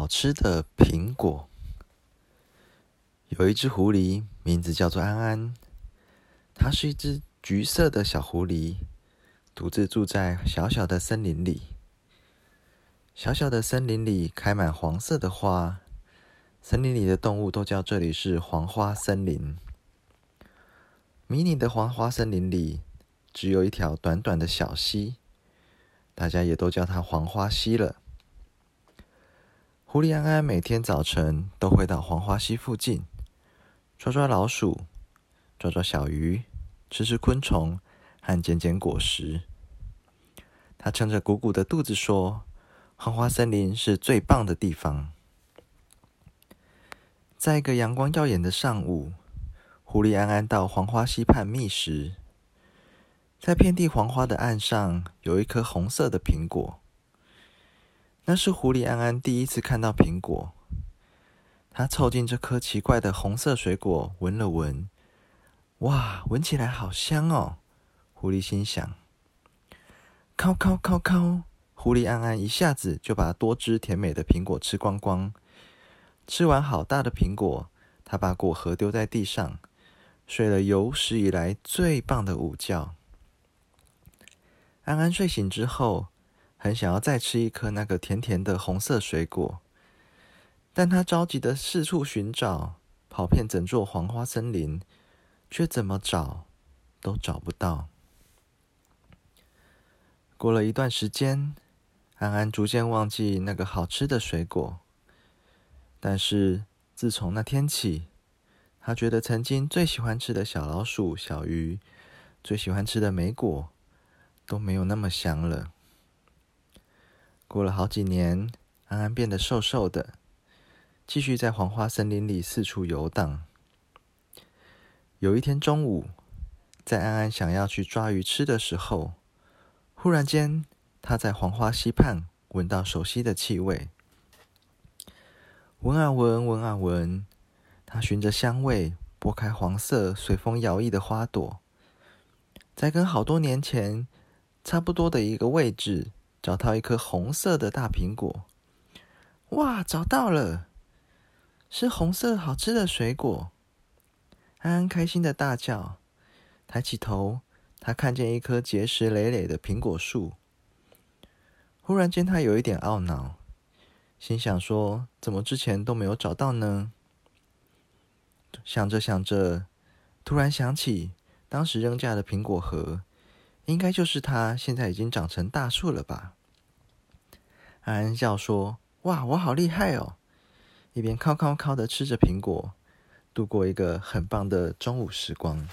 好吃的蘋果。有一隻狐狸，名字叫做安安，它是一隻橘色的小狐狸，獨自住在小小的森林裡。小小的森林裡開滿黃色的花，森林裡的動物都叫這裡是黃花森林。迷你的黃花森林裡只有一條短短的小溪，大家也都叫它黃花溪了。狐狸安安每天早晨都會到黃花溪附近抓抓老鼠、抓抓小魚、吃吃昆蟲和撿撿果實。他撐着鼓鼓的肚子說：“黃花森林是最棒的地方。”在一個陽光耀眼的上午，狐狸安安到黃花溪畔覓食。在遍地黃花的岸上，有一顆紅色的蘋果。那是狐狸安安第一次看到蘋果，它湊近這顆奇怪的紅色水果，聞了聞，哇，聞起來好香哦！狐狸心想。靠、靠、靠、靠，狐狸安安一下子就把多汁甜美的蘋果吃光光。吃完好大的蘋果，它把果核丟在地上，睡了有史以來最棒的午覺。安安睡醒之後。很想要再吃一顆那個甜甜的紅色水果，但他着急的四處尋找，跑遍整座黃花森林，卻怎麼找都找不到。過了一段時間，安安逐漸忘記那個好吃的水果，但是自從那天起，他覺得曾經最喜歡吃的小老鼠、小魚，最喜歡吃的莓果都沒有那麼香了。過了好幾年，安安變得瘦瘦的，繼續在黃花森林裡四處遊蕩。有一天中午，在安安想要去抓魚吃的時候，忽然間，他在黃花溪畔聞到熟悉的氣味，聞啊聞，聞啊聞，他循着香味，撥開黃色隨風搖曳的花朵，在跟好多年前差不多的一個位置。找到一顆紅色的大蘋果，哇，找到了！是紅色好吃的水果，安安開心的大叫。抬起頭，他看見一棵結實累累的蘋果樹。忽然間，他有一點懊惱，心想說：“怎麼之前都沒有找到呢？”想着想着，突然想起當時扔下的蘋果核。應該就是它，現在已經長成大樹了吧？安安笑說：“哇，我好厲害哦！”一邊敲敲敲的吃着蘋果，度過一個很棒的中午時光。